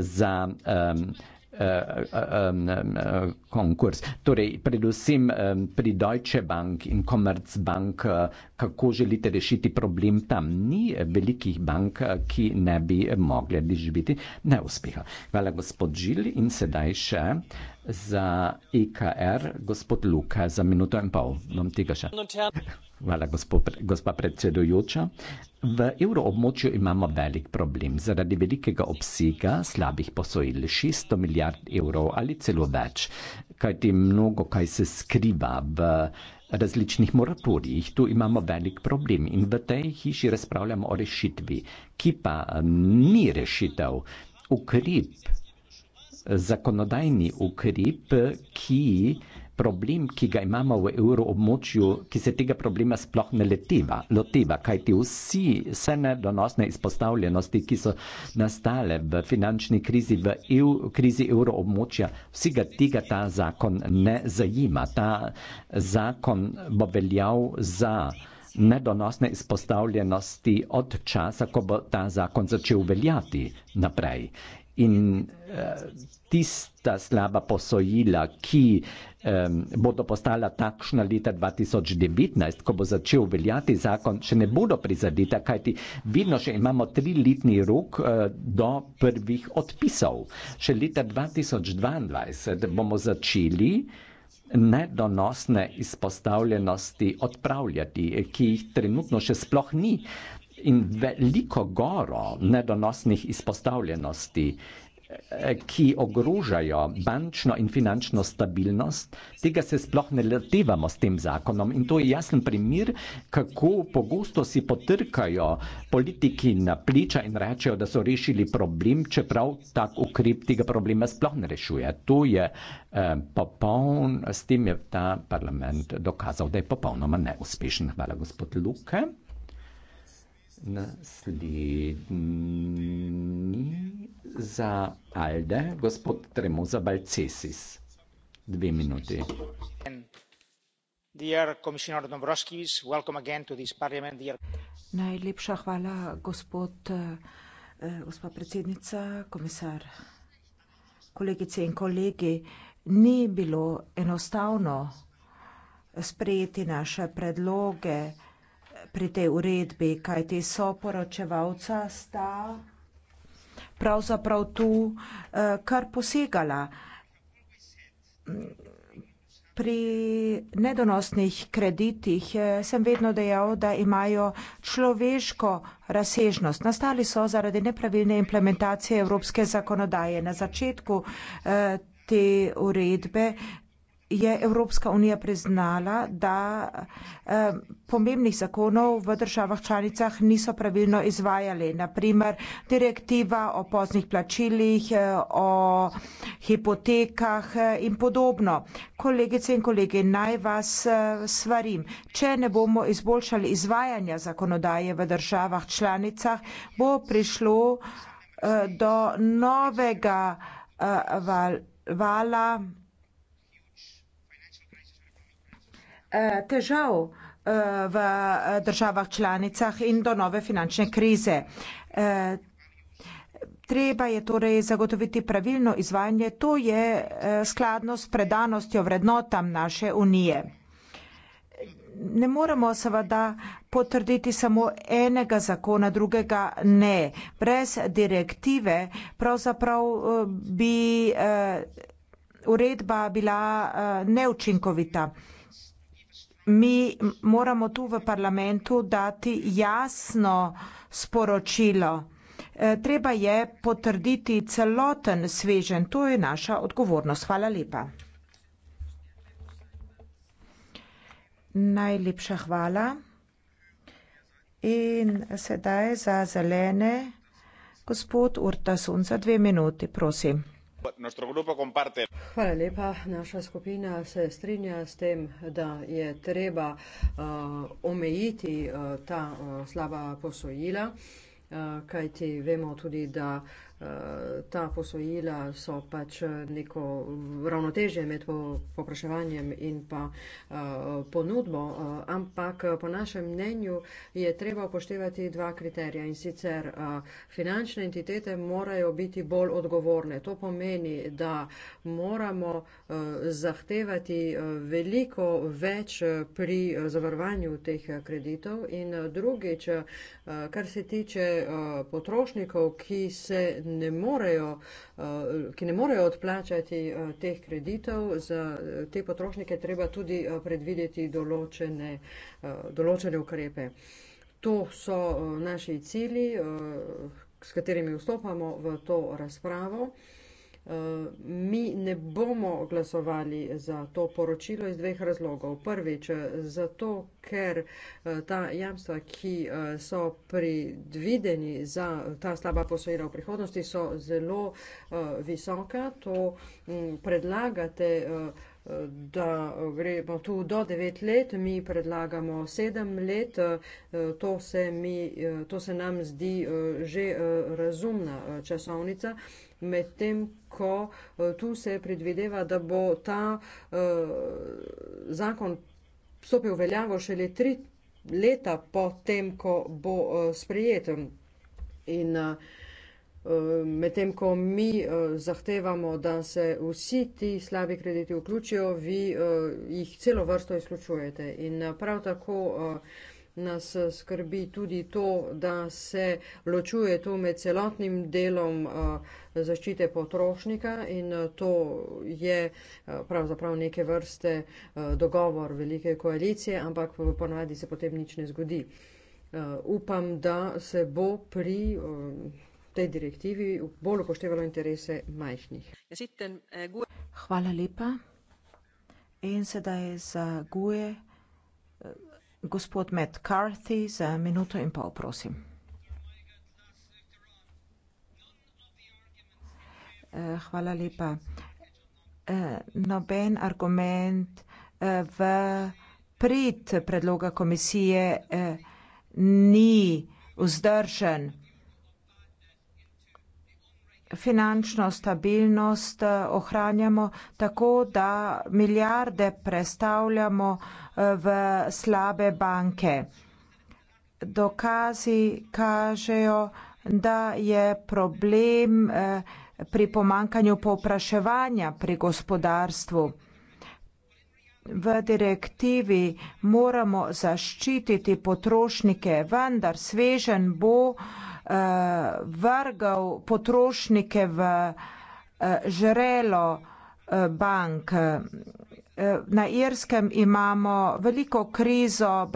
za um, konkurs. Torej, predvsem pri Deutsche Bank in Commerzbank, eh, kako želite rešiti problem, tam ni velikih bank, eh, ki ne bi mogli doživeti neuspeha. Hvala, gospod Žil, in sedaj še za IKR, e gospod Luka, za minuto in pol. Hvala, gospod predsedujoča. V evroobmočju imamo velik problem zaradi velikega obsega slabih posojil, 600 milijard milijard evrov ali celo več, kajti mnogo kaj se skriva v različnih moratorijih. Tu imamo velik problem in v tej hiši razpravljamo o rešitvi, ki pa um, ni rešitev. Ukrep, zakonodajni ukrep, ki uh, problem, ki ga imamo v evroobmočju, ki se tega problema sploh ne letiva, loteva, kajti vsi vse nedonosne izpostavljenosti, ki so nastale v finančni krizi, v EU, krizi evroobmočja, vsega tega ta zakon ne zajima. Ta zakon bo veljal za nedonosne izpostavljenosti od časa, ko bo ta zakon začel veljati naprej in uh, tista slaba posojila, ki um, bodo postala takšna leta 2019, ko bo začel veljati zakon, še ne bodo prizadeta, kajti vidno še imamo tri letni rok uh, do prvih odpisov. Še leta 2022 bomo začeli nedonosne izpostavljenosti odpravljati, ki jih trenutno še sploh ni. Uh, in veliko goro nedonosnih izpostavljenosti, eh, ki ogrožajo bančno in finančno stabilnost, tega se sploh ne lotevamo s tem zakonom. In to je jasen primer, kako pogosto si potrkajo politiki na pleča in rečejo, da so rešili problem, čeprav tak ukrep tega problema sploh ne rešuje. To je eh, popoln, s tem je ta parlament dokazal, da je popolnoma neuspešen. Hvala, gospod Luke. Naslednji za Alde, gospod Tremo za Balcesis. Dve minuti. Najlepša hvala, gospod, eh, gospa predsednica, komisar, kolegice in kolegi. Ni bilo enostavno sprejeti naše predloge pri tej uredbi, kaj ti soporočevalca sta pravzaprav tu eh, kar posegala. Pri nedonosnih kreditih eh, sem vedno dejal, da imajo človeško razsežnost. Nastali so zaradi nepravilne implementacije evropske zakonodaje. Na začetku eh, te uredbe je Evropska unija priznala, da eh, pomembnih zakonov v državah članicah niso pravilno izvajali. Naprimer, direktiva o poznih plačilih, eh, o hipotekah eh, in podobno. Kolegice in kolege, naj vas svarim, če ne bomo izboljšali izvajanja zakonodaje v državah članicah, bo prišlo do novega vala Eh, težav eh, v eh, državah članicah in do nove finančne krize. Treba je torej zagotoviti pravilno izvajanje, to je skladno s predanostjo vrednotam naše unije. Ne moremo seveda potrditi samo enega zakona, drugega ne. Brez direktive pravzaprav bi uredba bila neučinkovita mi moramo tu v parlamentu dati jasno sporočilo. Eh, treba je potrditi celoten svežen. To je naša odgovornost. Hvala lepa. Najlepša hvala. In sedaj za zelene gospod Urta Sunca, dve minuti, prosim. Hvala lepa. Naša skupina se strinja s tem, da je treba uh, omejiti uh, ta uh, slaba posojila, uh, kajti vemo tudi, da uh, ta posojila so pač neko ravnotežje med popraševanjem in pa eh, ponudbo, eh, ampak eh, po našem mnenju je treba upoštevati dva kriterija in sicer finančne entitete morajo biti bolj odgovorne. To pomeni, da moramo zahtevati veliko več pri zavarovanju teh kreditov in drugič, kar se tiče potrošnikov, ki se ne morejo, eh, ki ne morejo odplačati eh, teh kreditov, za eh, te potrošnike treba tudi predvideti določene, določene ukrepe. To so naši cilji, s katerimi vstopamo v to razpravo. Mi ne bomo glasovali za to poročilo iz dveh razlogov. Prvič, zato, ker eh, ta jamstva, ki eh, so predvideni za ta slaba posojila v prihodnosti, so zelo eh, visoka. To mm, predlagate da gremo tu do 9 let, mi predlagamo 7 let, eh, to se, mi, eh, to se nam zdi eh, že razumna časovnica, medtem ko tu se predvideva, da bo ta zakon stopil veljavo šele 3 leta po tem, ko bo sprejet. In, uh, medtem ko mi eh, zahtevamo, da se vsi ti slabi krediti vključijo, vi eh, jih celo vrsto izključujete. In eh, prav tako nas skrbi tudi to, da se ločuje to med celotnim delom zaščite potrošnika in to je pravzaprav neke vrste dogovor velike koalicije, ampak ponavadi se potem nič ne zgodi. Upam, da se bo pri tej direktivi bolj upoštevalo interese majhnih. Ja, eh, hvala lepa. In sedaj za GUE eh, gospod Matt Carthy za minuto in pol, prosim. Eh, hvala lepa. Noben argument v prid predloga komisije ni vzdržen finančno stabilnost eh, ohranjamo tako, da milijarde prestavljamo eh, v slabe banke. Dokazi kažejo, da je problem eh, pri pomankanju povpraševanja pri gospodarstvu. V direktivi moramo zaščititi potrošnike, vendar svežen bo uh, Eh, vrgal potrošnike v eh, žrelo eh, bank. Na Irskem imamo veliko krizo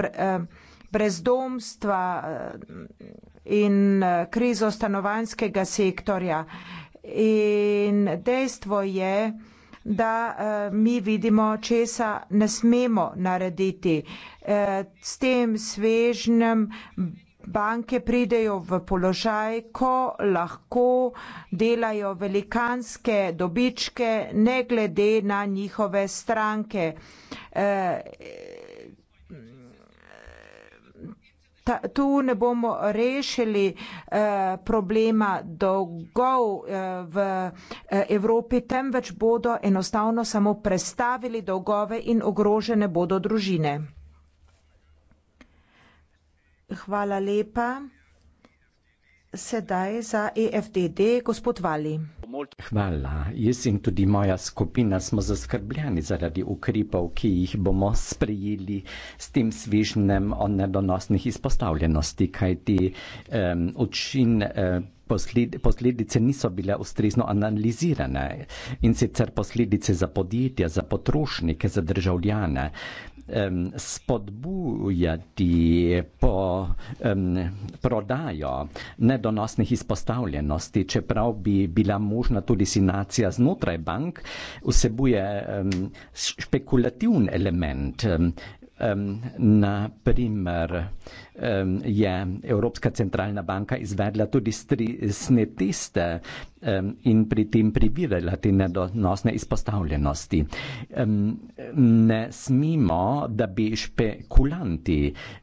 brezdomstva in krizo stanovanjskega sektorja. In dejstvo je, da mi vidimo, česa ne smemo narediti. S tem svežnjem banke pridejo v položaj, ko lahko delajo velikanske dobičke, ne glede na njihove stranke. Eh, ta, tu ne bomo rešili eh, problema dolgov eh, v eh, Evropi, temveč bodo enostavno samo prestavili dolgove in ogrožene bodo družine. Hvala lepa. Sedaj za EFDD, gospod Vali. Hvala. Jaz in tudi moja skupina smo zaskrbljeni zaradi ukripov, ki jih bomo sprejeli s tem svežnem o nedonosnih izpostavljenosti, kajti um, učin. Um, posled, posledice niso bile ustrezno analizirane in sicer posledice za podjetja, za potrošnike, za državljane. Um, spodbujati po um, prodajo nedonosnih izpostavljenosti, čeprav bi bila možna tudi sinacija znotraj bank, vsebuje um, špekulativni element um, Na primer, je Evropska centralna banka izvedla tudi stresne teste in pri tem privirala te nedonosne izpostavljenosti. Ne smemo, da bi špekulanti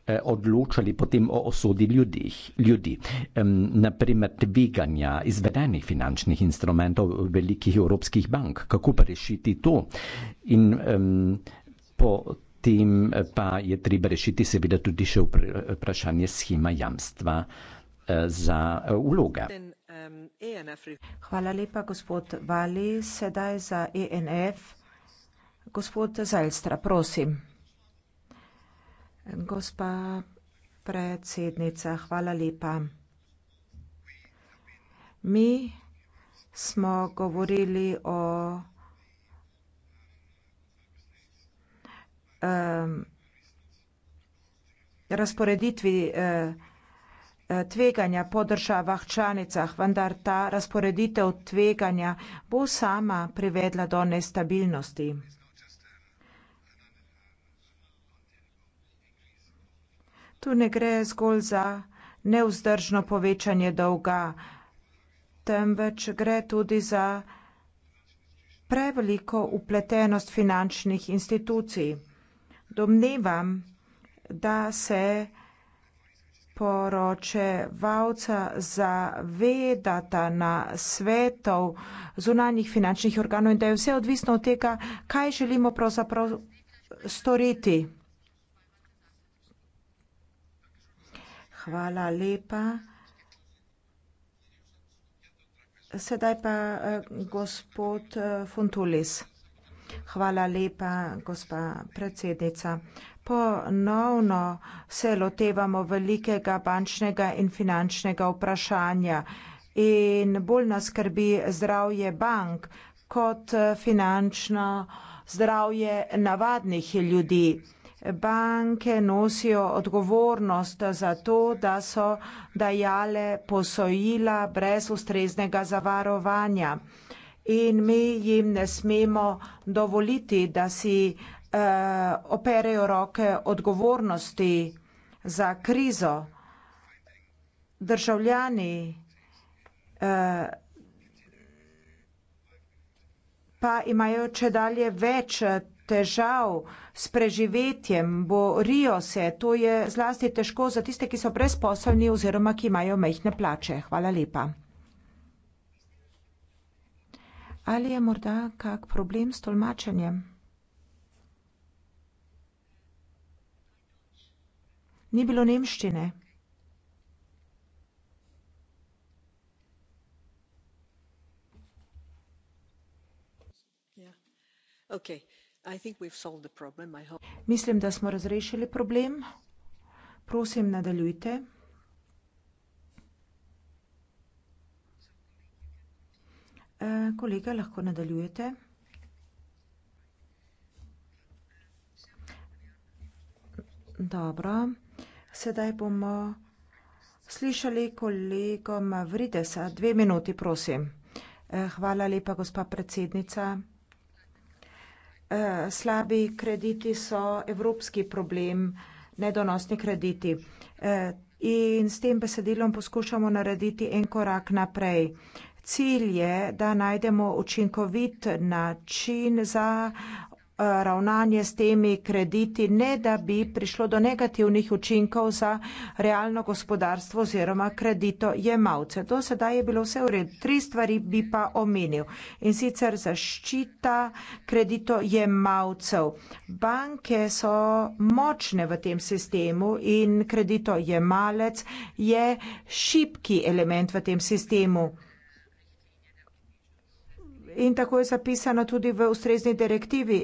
e, odločali potem o osodi ljudi. Naprimer, tveganja izvedenih finančnih instrumentov velikih evropskih bank. Kako pa rešiti to? In po tem, tem pa je treba rešiti seveda tudi še vprašanje schema jamstva eh, za eh, vloge. Hvala lepa, gospod Vali. Sedaj za ENF. Gospod Zajlstra, prosim. Gospa predsednica, hvala lepa. Mi smo govorili o Um, razporeditvi uh, uh, tveganja po državah članicah, vendar ta razporeditev tveganja bo sama privedla do nestabilnosti. Tu ne gre zgolj za nevzdržno povečanje dolga, temveč gre tudi za preveliko vpletenost finančnih institucij domnevam, da se poročevalca zavedata na svetov zunanjih finančnih organov in da je vse odvisno od tega, kaj želimo pravzaprav storiti. Hvala lepa. Sedaj pa eh, gospod eh, Funtulis. Hvala lepa, gospa predsednica. Ponovno se lotevamo velikega bančnega in finančnega vprašanja in bolj nas skrbi zdravje bank kot finančno zdravje navadnih ljudi. Banke nosijo odgovornost za to, da so dajale posojila brez ustreznega zavarovanja in mi jim ne smemo dovoliti, da si eh, operejo roke odgovornosti za krizo. Državljani eh, pa imajo če dalje več težav s preživetjem, borijo se, to je zlasti težko za tiste, ki so brezposobni oziroma ki imajo mehne plače. Hvala lepa. Ali je morda kak problem s tolmačenjem? Ni bilo nemščine. Mislim, da smo razrešili problem. Prosim, nadaljujte. Eh, kolega, lahko nadaljujete. Dobro, sedaj bomo slišali kolego Mavridesa, dve minuti, prosim. Eh, hvala lepa, gospa predsednica. Eh, slabi krediti so evropski problem, nedonosni krediti. In s tem besedilom poskušamo narediti en korak naprej. Cilj je, da najdemo učinkovit način za eh, ravnanje s temi krediti, ne da bi prišlo do negativnih učinkov za realno gospodarstvo oziroma kreditojemalce. Do sedaj je bilo vse v redu. Tri stvari bi pa omenil. In sicer zaščita kreditojemalcev. Banke so močne v tem sistemu in kreditojemalec je šibki element v tem sistemu in tako je zapisano tudi v ustrezni direktivi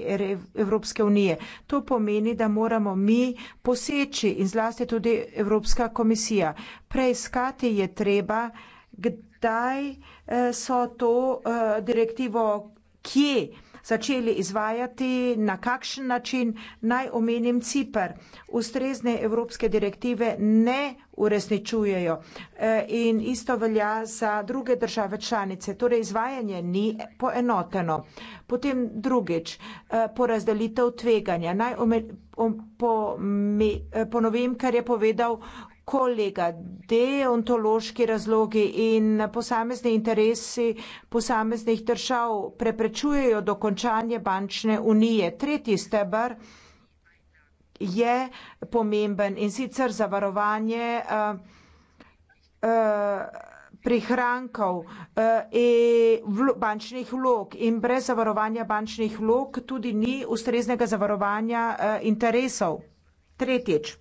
Evropske unije. To pomeni, da moramo mi poseči in zlasti tudi Evropska komisija. Preiskati je treba, kdaj eh, so to eh, direktivo, kje začeli izvajati, na kakšen način. Naj omenim Cipr. Ustrezne evropske direktive ne uresničujejo e, in isto velja za druge države članice. Torej, izvajanje ni poenoteno. Potem drugič, e, porazdelitev tveganja. Naj ome, po, me, ponovim, kar je povedal kolega, deontološki razlogi in posamezni interesi posameznih držav preprečujejo dokončanje bančne unije. Tretji stebr je pomemben in sicer zavarovanje eh, eh, prihrankov eh, in bančnih vlog in brez zavarovanja bančnih vlog tudi ni ustreznega zavarovanja interesov. Tretjič.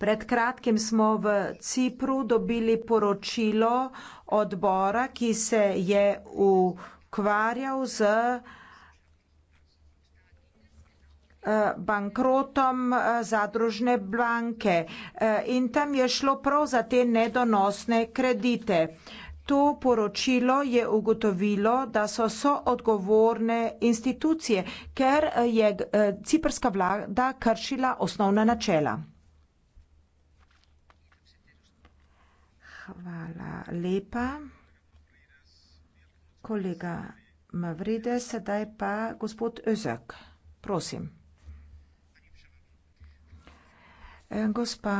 Pred kratkim smo v Cipru dobili poročilo odbora, ki se je ukvarjal z eh, bankrotom eh, zadružne banke. Eh, in tam je šlo prav za te nedonosne kredite. To poročilo je ugotovilo, da so so odgovorne institucije, ker je ciprska vlada kršila osnovna načela. Hvala lepa. Kolega Mavride, sedaj pa gospod Özjak. Prosim. Eh, gospa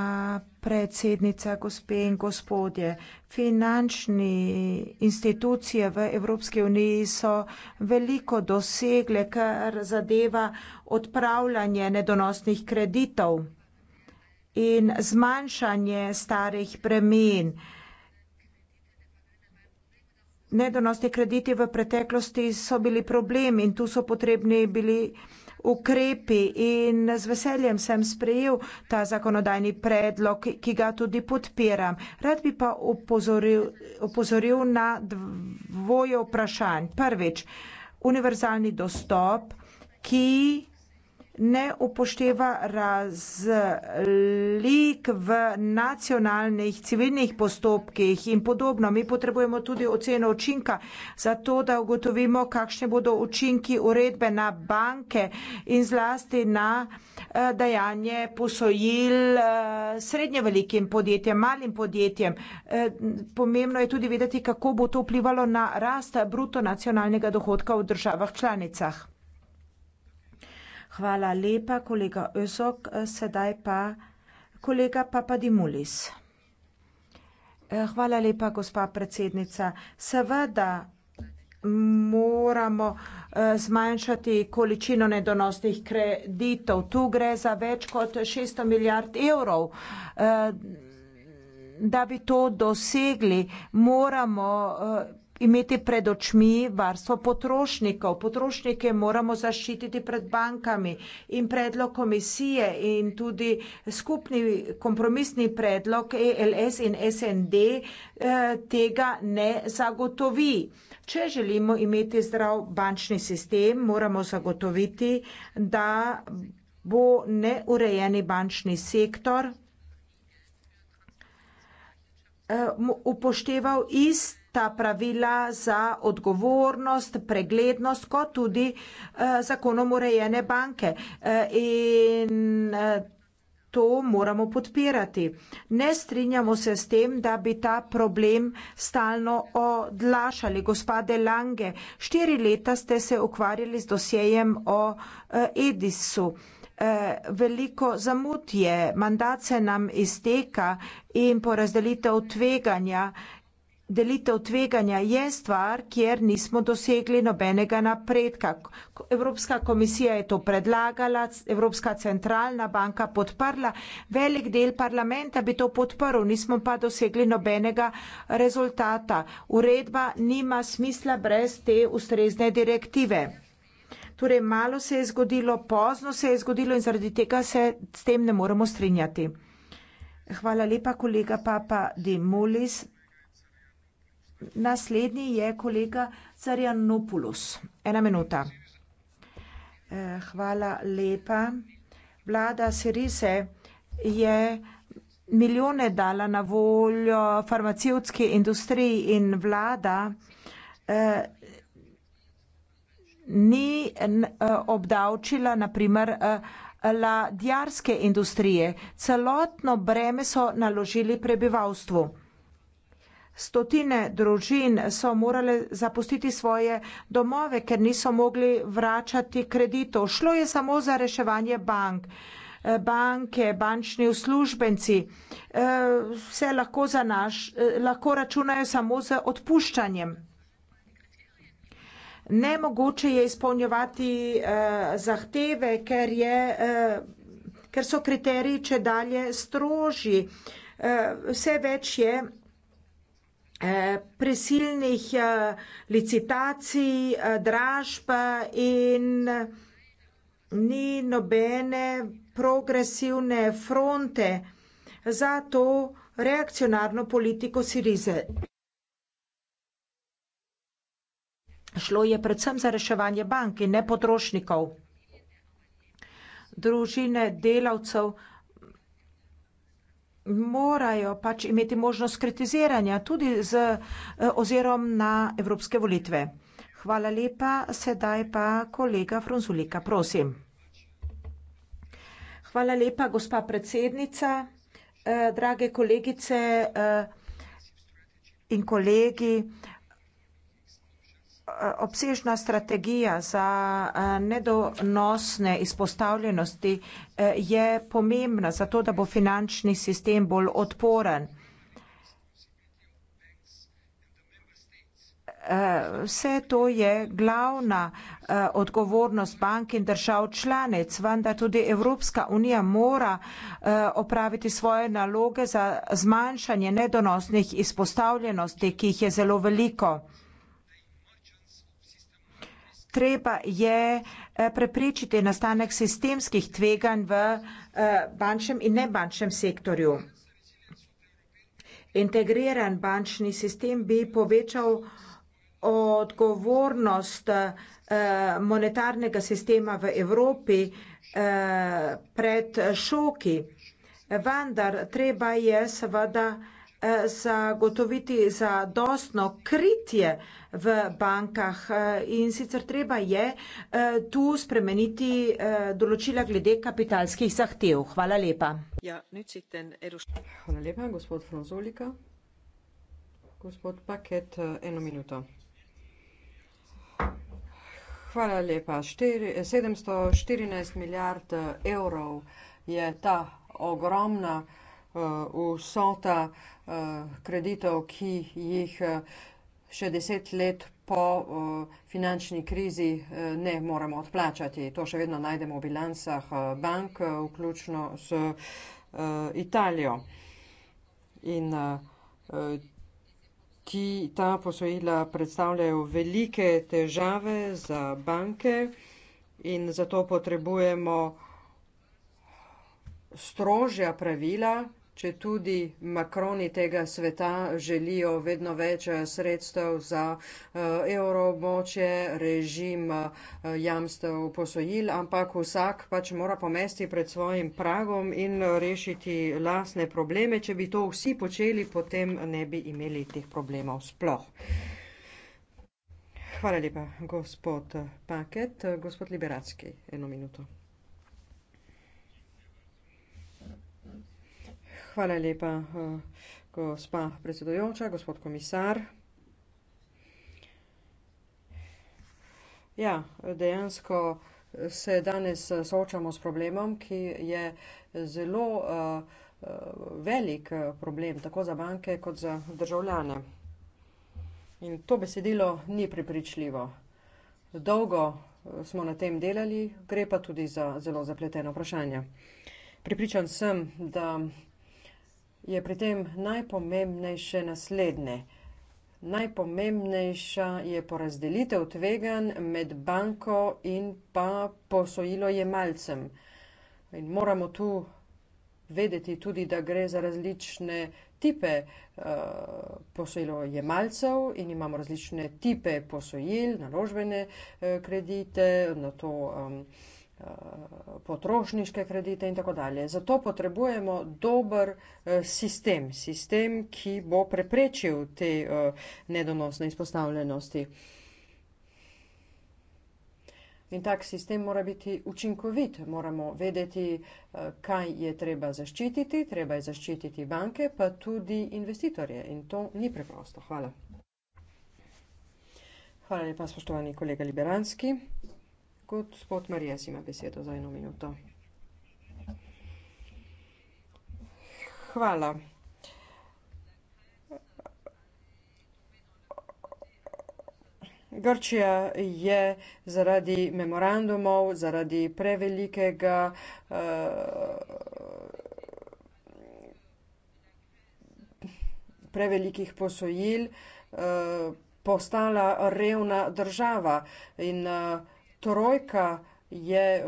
predsednica, gospe in gospodje, finančne institucije v Evropski uniji so veliko dosegle, kar zadeva odpravljanje nedonosnih kreditov in zmanjšanje starih bremen nedonosni krediti v preteklosti so bili problem in tu so potrebni bili ukrepi in z veseljem sem sprejel ta zakonodajni predlog, ki ga tudi podpiram. Rad bi pa upozoril, upozoril na dvoje vprašanj. Prvič, univerzalni dostop, ki ne upošteva razlik v nacionalnih civilnih postopkih in podobno. Mi potrebujemo tudi oceno učinka za to, da ugotovimo, kakšne bodo učinki uredbe na banke in zlasti na eh, dajanje posojil eh, srednje velikim podjetjem, malim podjetjem. Eh, pomembno je tudi vedeti, kako bo to vplivalo na rast bruto nacionalnega dohodka v državah članicah. Hvala lepa, kolega Özok, sedaj pa kolega Papadimulis. hvala lepa, gospa predsednica. Seveda moramo, eh, zmanjšati količino nedonosnih kreditov, tu gre za več kot šeststo milijard evrov. Eh, da bi to dosegli, moramo, eh, imeti pred očmi varstvo potrošnikov. Potrošnike moramo zaščititi pred bankami in predlog komisije in tudi skupni kompromisni predlog ELS in SND eh, tega ne zagotovi. Če želimo imeti zdrav bančni sistem, moramo zagotoviti, da bo neurejeni bančni sektor eh, upošteval ist ta pravila za odgovornost, preglednost, kot tudi eh, zakonom urejene banke. Eh, in eh, to moramo podpirati. Ne strinjamo se s tem, da bi ta problem stalno odlašali. Gospode Lange, štiri leta ste se ukvarjali z dosjejem o Edisu. Veliko zamud je, mandat se nam izteka in porazdelitev tveganja delitev tveganja je stvar, kjer nismo dosegli nobenega napredka. Evropska komisija je to predlagala, Evropska centralna banka podprla, velik del parlamenta bi to podprl, nismo pa dosegli nobenega rezultata. Uredba nima smisla brez te ustrezne direktive. Torej, malo se je zgodilo, pozno se je zgodilo in zaradi tega se s tem ne moremo strinjati. Hvala lepa, kolega Papa Dimulis. Naslednji je kolega Carjanopoulos. Ena minuta. Eh, hvala lepa. Vlada Sirise je milijone dala na voljo farmacijski industriji in vlada eh, ni eh, obdavčila naprimer ladjarske industrije. Celotno breme so naložili prebivalstvu. Stotine družin so morale zapustiti svoje domove, ker niso mogli vračati kreditov. Šlo je samo za reševanje bank. Eh, banke, bančni uslužbenci eh, se lahko, za naš, eh, lahko računajo samo z odpuščanjem. Nemogoče je izpolnjevati zahteve, ker, je, ker so kriteriji če dalje strožji. Vse več je Eh, prisilnih eh, licitacij, eh, dražb in ni nobene progresivne fronte za to reakcionarno politiko Sirize. Šlo je predvsem za reševanje bank in ne potrošnikov, družine, delavcev, morajo pač imeti možnost kritiziranja tudi z eh, ozirom na evropske volitve. Hvala lepa, sedaj pa kolega Frunzulika, prosim. Hvala lepa, gospa predsednica, eh, drage kolegice eh, in kolegi obsežna strategija za eh, nedonosne izpostavljenosti eh, je pomembna za to, da bo finančni sistem bolj odporen. Eh, vse to je glavna odgovornost bank in držav članic, vendar tudi Evropska unija mora opraviti svoje naloge za zmanjšanje nedonosnih izpostavljenosti, ki jih je zelo veliko treba je eh, preprečiti nastanek sistemskih tveganj v eh, bančnem in nebančnem sektorju. Integriran bančni sistem bi povečal odgovornost eh, monetarnega sistema v Evropi pred šoki. Vendar treba je seveda zagotoviti za dostno kritje v bankah in sicer treba je eh, tu spremeniti eh, določila glede kapitalskih zahtev. Hvala lepa. Ja, Hvala lepa, gospod Franzolika. Gospod Paket, eh, eno minuto. Hvala lepa. Štiri, 714 milijard evrov je ta ogromna Eh, vsota eh, kreditov, ki jih eh, še deset let po finančni krizi ne moremo odplačati. To še vedno najdemo v bilancah bank, vključno s Italijo. In ti, ta posojila predstavljajo velike težave za banke in zato potrebujemo strožja pravila, če tudi makroni tega sveta želijo vedno več eh, sredstev za eh, evroobmočje, režim eh, jamstev posojil, ampak vsak pač mora pomesti pred svojim pragom in rešiti lasne probleme. Če bi to vsi počeli, potem ne bi imeli teh problemov sploh. Hvala lepa, gospod Paket. Gospod Liberacki, eno minuto. Hvala lepa, eh, gospa predsedujoča, gospod komisar. Ja, dejansko eh, se danes eh, soočamo s problemom, ki je zelo velik problem tako za banke kot za državljane. In to besedilo ni prepričljivo. Dolgo smo na tem delali, gre pa tudi za zelo zapletena vprašanja. Prepričan sem, da je pri tem najpomembnejše naslednje. Najpomembnejša je porazdelitev tvegan med banko in pa posojilojemalcem. In moramo tu vedeti tudi, da gre za različne tipe uh, posojilojemalcev in imamo različne tipe posojil, naložbene uh, kredite, na to. Um, Eh, potrošniške kredite in tako dalje. Zato potrebujemo dober eh, sistem, sistem, ki bo preprečil te eh, nedonosne izpostavljenosti. In tak sistem mora biti učinkovit, moramo vedeti, kaj je treba zaščititi, treba je zaščititi banke, pa tudi investitorje in to ni preprosto. Hvala. Hvala lepa, spoštovani kolega Liberanski. Gospod Marijas ima besedo za eno minuto. Hvala. Grčija je zaradi memorandumov, zaradi prevelikega eh, prevelikih posojil eh, postala revna država in eh, trojka je eh,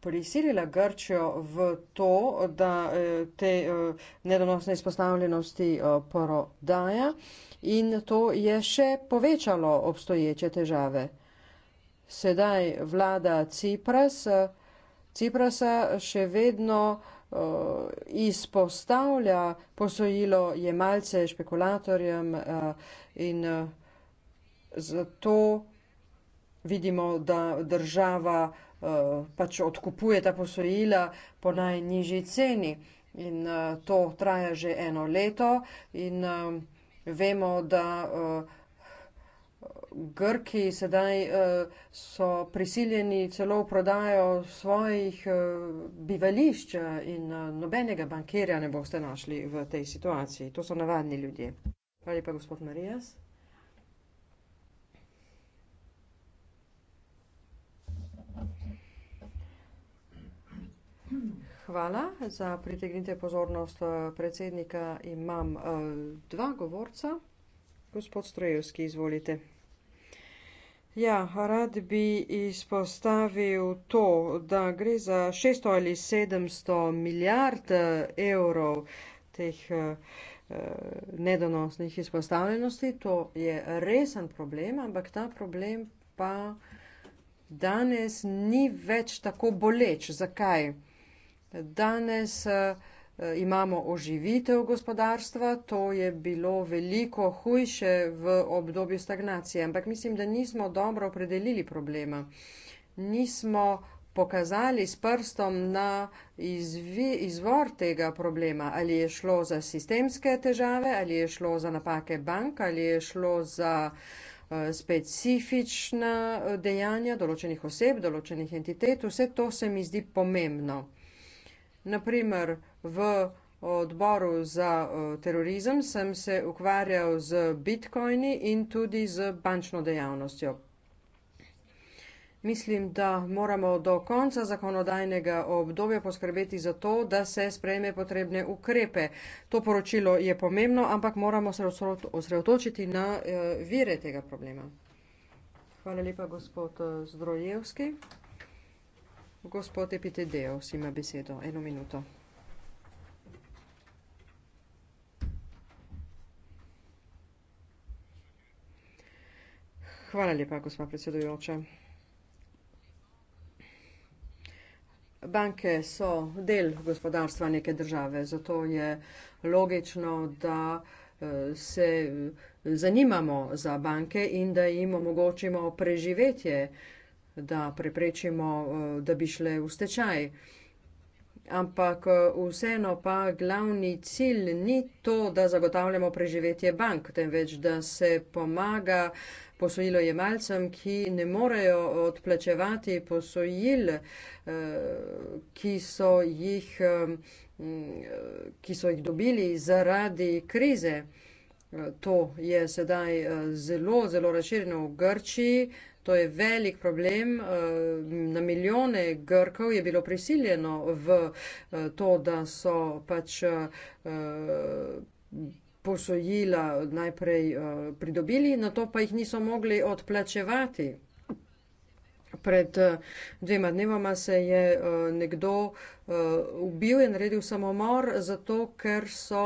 prisilila Grčijo v to, da eh, te eh, nedonosne izpostavljenosti prodaja in to je še povečalo obstoječe težave. Sedaj vlada Cipras, Ciprasa še vedno izpostavlja posojilo jemalce špekulatorjem in zato vidimo, da država eh, pač odkupuje ta posojila po najnižji ceni. In eh, to traja že eno leto in eh, vemo, da Grki sedaj so prisiljeni celo v prodajo svojih bivališč in nobenega bankirja ne boste našli v tej situaciji. To so navadni ljudje. Hvala lepa, gospod Marijas. Hvala za pritegnite pozornost eh, predsednika. Imam uh, dva govorca. Gospod Strojevski, izvolite. Ja, rad bi izpostavil to, da gre za 600 ali 700 milijard eh, evrov teh nedonosnih izpostavljenosti. To je resen problem, ampak ta problem pa danes ni več tako boleč. Zakaj? Danes eh, imamo oživitev gospodarstva, to je bilo veliko hujše v obdobju stagnacije, ampak mislim, da nismo dobro opredelili problema. Nismo pokazali s prstom na izvor tega problema, ali je šlo za sistemske težave, ali je šlo za napake bank, ali je šlo za eh, specifična eh, dejanja določenih oseb, določenih entitet. Vse to se mi zdi pomembno naprimer v odboru za terorizem sem se ukvarjal z bitcoini in tudi z bančno dejavnostjo. Mislim, da moramo do konca zakonodajnega obdobja poskrbeti za to, da se sprejme potrebne ukrepe. To poročilo je pomembno, ampak moramo se osredotočiti na e, vire tega problema. Hvala lepa, gospod e, Zdrojevski. Gospod Epitedeo, si ima besedo. Eno minuto. Hvala lepa, gospod predsedujoča. Banke so del gospodarstva neke države, zato je logično, da eh, se eh, zanimamo za banke in da jim omogočimo preživetje da preprečimo, eh, da bi šle v stečaj. Ampak eh, vseeno pa glavni cilj ni to, da zagotavljamo preživetje bank, temveč da se pomaga posojilojemalcem, ki ne morejo odplačevati posojil, eh, ki so jih, ki so jih dobili zaradi krize. To je sedaj eh, zelo, zelo razširjeno v Grčiji. To je velik problem. Eh, na milijone Grkov je bilo prisiljeno v eh, to, da so pač posojila najprej pridobili, na to pa jih niso mogli odplačevati. Pred dvema dnevoma se je nekdo ubil in naredil samomor, zato ker so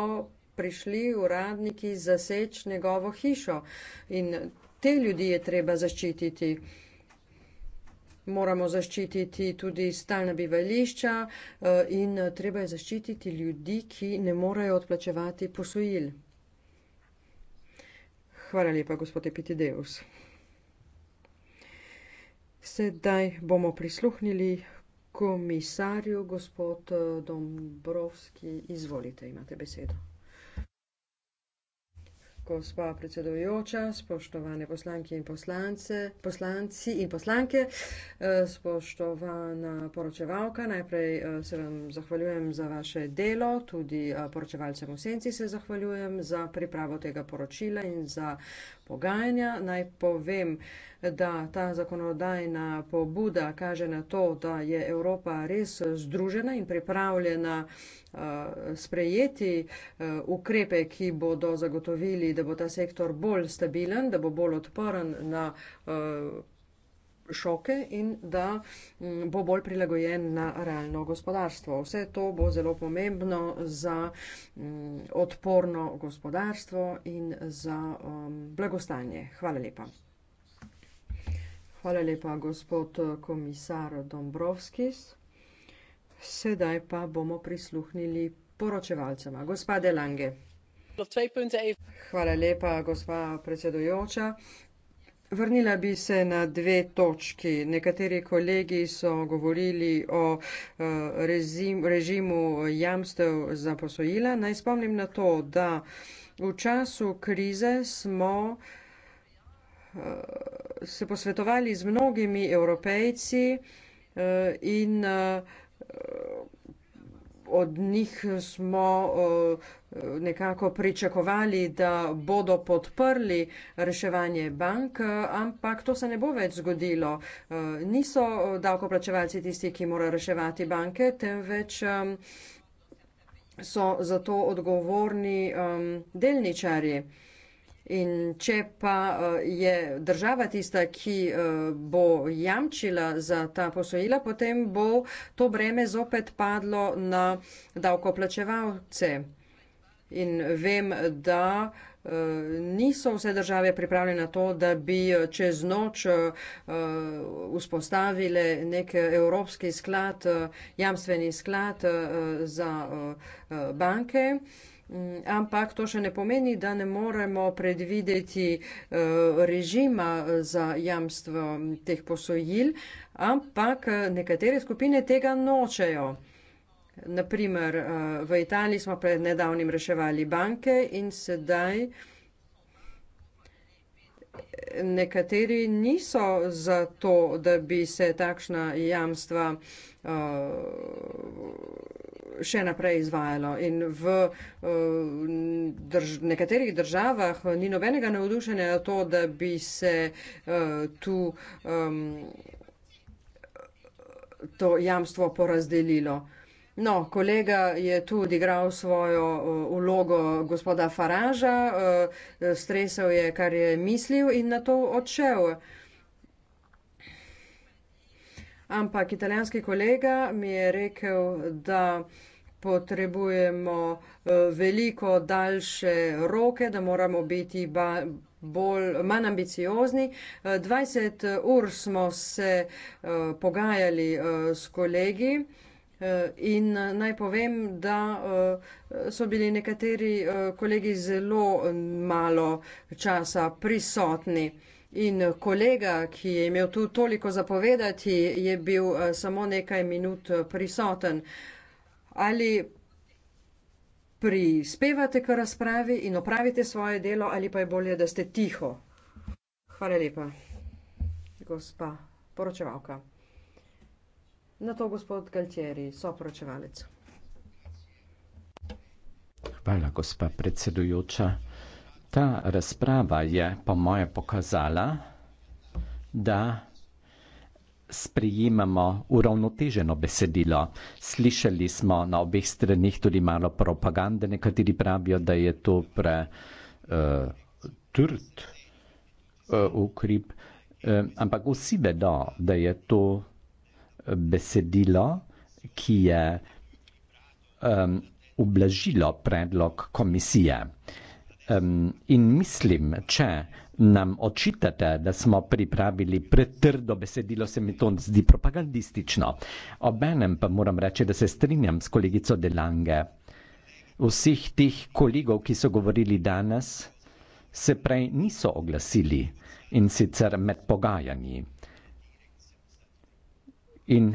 prišli uradniki zaseč njegovo hišo in te ljudi je treba zaščititi. Moramo zaščititi tudi stalna bivališča eh, in eh, treba je zaščititi ljudi, ki ne morejo odplačevati posojil. Hvala lepa, gospod Epitideus. Sedaj bomo prisluhnili komisarju, gospod eh, Dombrovski. Izvolite, imate besedo gospa predsedujoča, spoštovane poslanke in poslance, poslanci in poslanke, eh, spoštovana poročevalka, najprej eh, se vam zahvaljujem za vaše delo, tudi eh, poročevalcem v senci se zahvaljujem za pripravo tega poročila in za pogajanja. Naj povem, da ta zakonodajna pobuda kaže na to, da je Evropa res združena in pripravljena eh, sprejeti eh, ukrepe, ki bodo zagotovili, da bo ta sektor bolj stabilen, da bo bolj odporen na eh, šoke in da mm, bo bolj prilagojen na realno gospodarstvo. Vse to bo zelo pomembno za mm, odporno gospodarstvo in za blagostanje. Hvala lepa. Hvala lepa, gospod komisar Dombrovskis. Sedaj pa bomo prisluhnili poročevalcema. Gospa Delange. Hvala lepa, gospa predsedojoča. Vrnila bi se na dve točki. Nekateri kolegi so govorili o rezim, režimu jamstev za posojila. Naj spomnim na to, da v času krize smo se posvetovali z mnogimi evropejci eh, in eh, od njih smo eh, nekako pričakovali, da bodo podprli reševanje bank, ampak to se ne bo več zgodilo. Niso davkoplačevalci tisti, ki morajo reševati banke, temveč so za to odgovorni delničarji. In če pa eh, je država tista, ki eh, bo jamčila za ta posojila, potem bo to breme zopet padlo na davkoplačevalce. In vem, da eh, niso vse države pripravljene na to, da bi čez noč vzpostavile nek evropski sklad, jamstveni sklad za banke. Mm, ampak to še ne pomeni, da ne moremo predvideti eh, režima eh, za jamstvo mm, teh posojil, ampak eh, nekatere skupine tega nočejo. Naprimer, v Italiji smo pred nedavnim reševali banke in sedaj nekateri niso za to, da bi se takšna jamstva še naprej izvajalo. In v eh, drž nekaterih državah eh, ni nobenega navdušenja na to, da bi se eh, tu to jamstvo porazdelilo. No, kolega je tu odigral svojo ulogo gospoda Faraža, stresel je, kar je mislil in na to odšel ampak italijanski kolega mi je rekel, da potrebujemo eh, veliko daljše roke, da moramo biti ba, bolj, manj ambiciozni. 20 eh, ur smo se eh, pogajali s kolegi. In naj povem, da so bili nekateri kolegi zelo malo časa prisotni. In kolega, ki je imel tu toliko zapovedati, je bil eh, samo nekaj minut eh, prisoten. Ali prispevate k razpravi in opravite svoje delo, ali pa je bolje, da ste tiho? Hvala lepa, gospa poročevalka. Na to gospod Galtieri, soporočevalec. Hvala, gospa predsedujoča. Ta razprava je po moje pokazala, da sprejemamo uravnoteženo besedilo. Slišali smo na obeh stranih tudi malo propagande, nekateri pravijo, da je to pre uh, eh, trd uh, eh, ukrip, uh, ampak vsi vedo, da je to besedilo, ki je um, ublažilo predlog komisije. Uh, um, in mislim, če nam očitate, da smo pripravili pretrdo besedilo, se mi to zdi propagandistično. Obenem pa moram reči, da se strinjam s kolegico Delange. Vseh teh kolegov, ki so govorili danes, se prej niso oglasili in sicer med pogajanji. In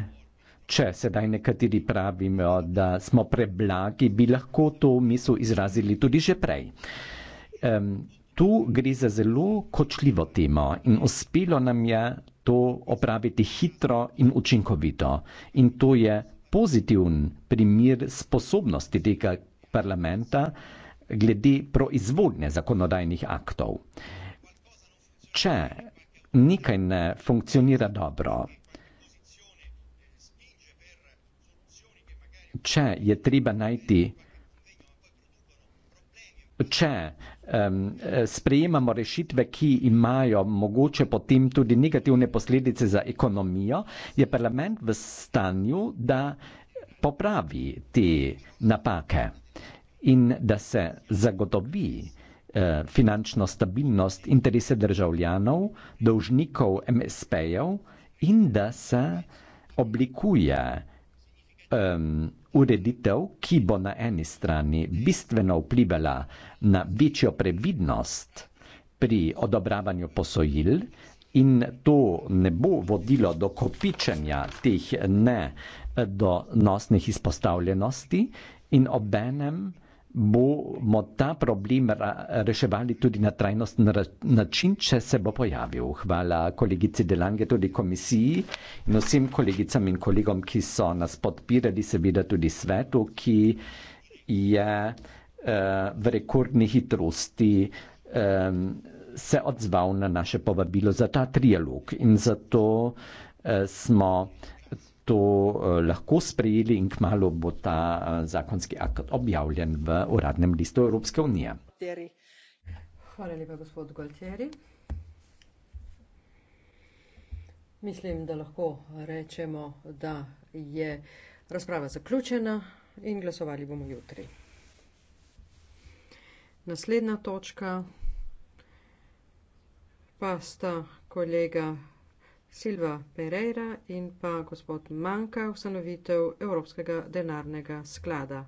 če sedaj nekateri pravimo, da smo preblagi, bi lahko to misel izrazili tudi že prej. Uh, um, tu gre za zelo kočljivo temo in uspelo nam je to opraviti hitro in učinkovito. In to je pozitiven primer sposobnosti tega parlamenta glede proizvodnje zakonodajnih aktov. Če nekaj ne funkcionira dobro, če je treba najti, če um, sprejemamo rešitve, ki imajo mogoče potem tudi negativne posledice za ekonomijo, je parlament v stanju, da popravi te napake in da se zagotovi uh, finančno stabilnost interese državljanov, dolžnikov MSP-jev in da se oblikuje um, ureditev, ki bo na eni strani bistveno vplivala na večjo previdnost pri odobravanju posojil. In to ne bo vodilo do kopičenja teh ne donosnih izpostavljenosti, in obenem bomo ta problem reševali tudi na trajnosten način, če se bo pojavil. Hvala kolegici Delange, tudi komisiji in vsem kolegicam in kolegom, ki so nas podpirali, seveda tudi svetu, ki je eh, v rekordni hitrosti eh, se odzval na naše povabilo za ta trialog. In zato eh, smo to eh, lahko sprejeli in kmalo bo ta eh, zakonski akt objavljen v uradnem listu Evropske unije. Hvala lepa, gospod Golceri. Mislim, da lahko rečemo, da je razprava zaključena in glasovali bomo jutri. Naslednja točka pa sta kolega Silva Pereira in pa gospod Manka, ustanovitev Evropskega denarnega sklada.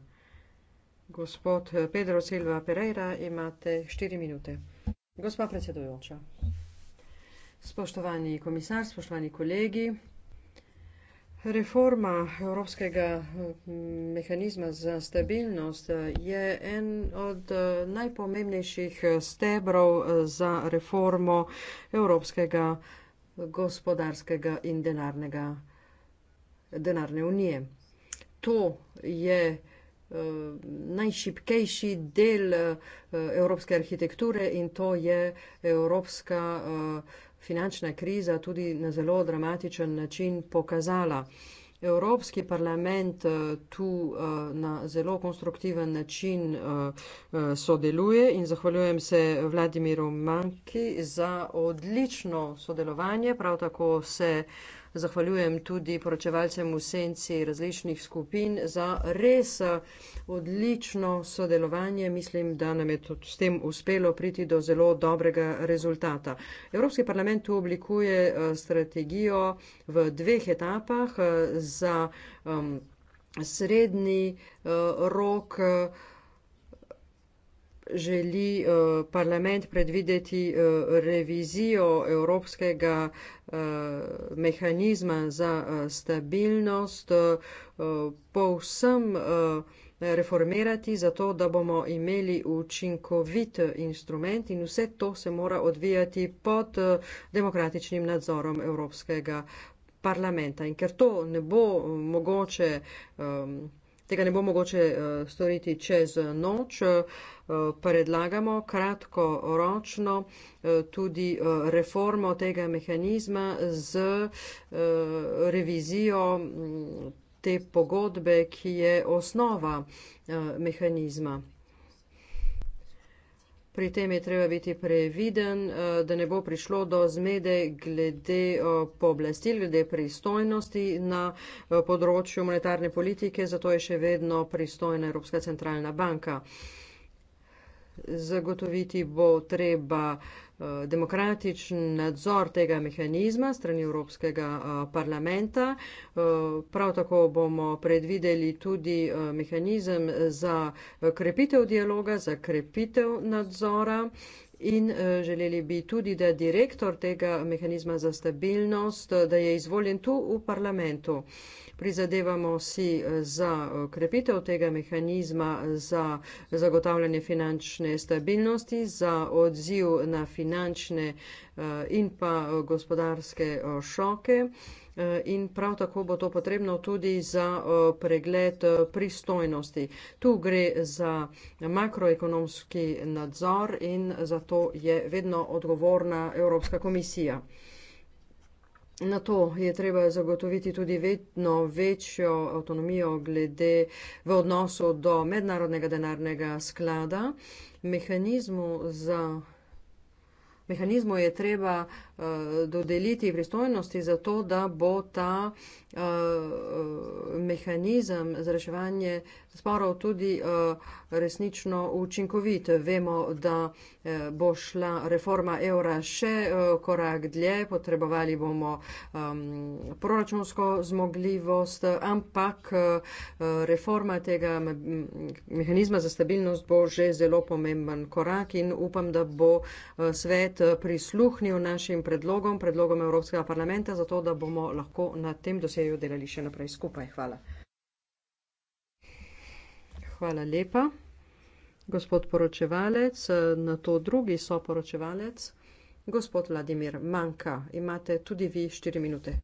Gospod Pedro Silva Pereira, imate štiri minute. Gospa predsedujoča, spoštovani komisar, spoštovani kolegi, reforma Evropskega mm, mehanizma za stabilnost je en od najpomembnejših stebrov eh, za reformo Evropskega mehanizma gospodarskega in denarnega, denarne unije. To je eh, najšipkejši del eh, evropske arhitekture in to je evropska eh, finančna kriza tudi na zelo dramatičen način pokazala. Evropski parlament eh, tu eh, na zelo konstruktiven način eh, sodeluje in zahvaljujem se Vladimiru Manki za odlično sodelovanje. Prav tako se zahvaljujem tudi poročevalcem v senci različnih skupin za res eh, odlično sodelovanje. Mislim, da nam je s tem uspelo priti do zelo dobrega rezultata. Evropski parlament tu oblikuje eh, strategijo v dveh etapah eh, za um, srednji uh, rok. Uh, želi eh, parlament predvideti eh, revizijo evropskega eh, mehanizma za eh, stabilnost, eh, povsem eh, reformirati, zato da bomo imeli učinkovit eh, instrument in vse to se mora odvijati pod eh, demokratičnim nadzorom evropskega parlamenta. In ker to ne bo eh, mogoče. Eh, tega ne bo mogoče uh, storiti čez noč. Uh, predlagamo kratkoročno uh, tudi uh, reformo tega mehanizma z uh, revizijo. Um, te pogodbe, ki je osnova uh, mehanizma. Pri tem je treba biti previden, eh, da ne bo prišlo do zmede glede eh, pooblastil, glede pristojnosti na eh, področju monetarne politike, zato je še vedno pristojna Evropska centralna banka. Zagotoviti bo treba uh, Eh, demokratičen nadzor tega mehanizma strani Evropskega eh, parlamenta. Eh, prav tako bomo predvideli tudi mehanizem za krepitev dialoga, za krepitev nadzora. In želeli bi tudi, da direktor tega mehanizma za stabilnost, da je izvoljen tu v parlamentu prizadevamo si eh, za eh, krepitev tega mehanizma za zagotavljanje finančne stabilnosti, za odziv na finančne eh, in pa gospodarske šoke. In prav tako bo to potrebno tudi za pregled pristojnosti. Tu gre za makroekonomski nadzor in zato je vedno odgovorna Evropska komisija. Na to je treba zagotoviti tudi vedno večjo avtonomijo glede v odnosu do mednarodnega denarnega sklada, mehanizmu za mehanizmu je treba uh, dodeliti pristojnosti za to, da bo ta uh, mehanizem za reševanje sporov tudi uh, resnično učinkovit. Vemo, da uh, bo šla reforma evra še uh, korak dlje, potrebovali bomo um, proračunsko zmogljivost, ampak uh, reforma tega mehanizma za stabilnost bo že zelo pomemben korak in upam, da bo uh, svet spet eh, prisluhnil našim predlogom, predlogom Evropskega parlamenta, zato da bomo lahko na tem doseju delali še naprej skupaj. Hvala. Hvala lepa. Gospod poročevalec, eh, na to drugi soporočevalec, gospod Vladimir Manka, imate tudi vi štiri minute.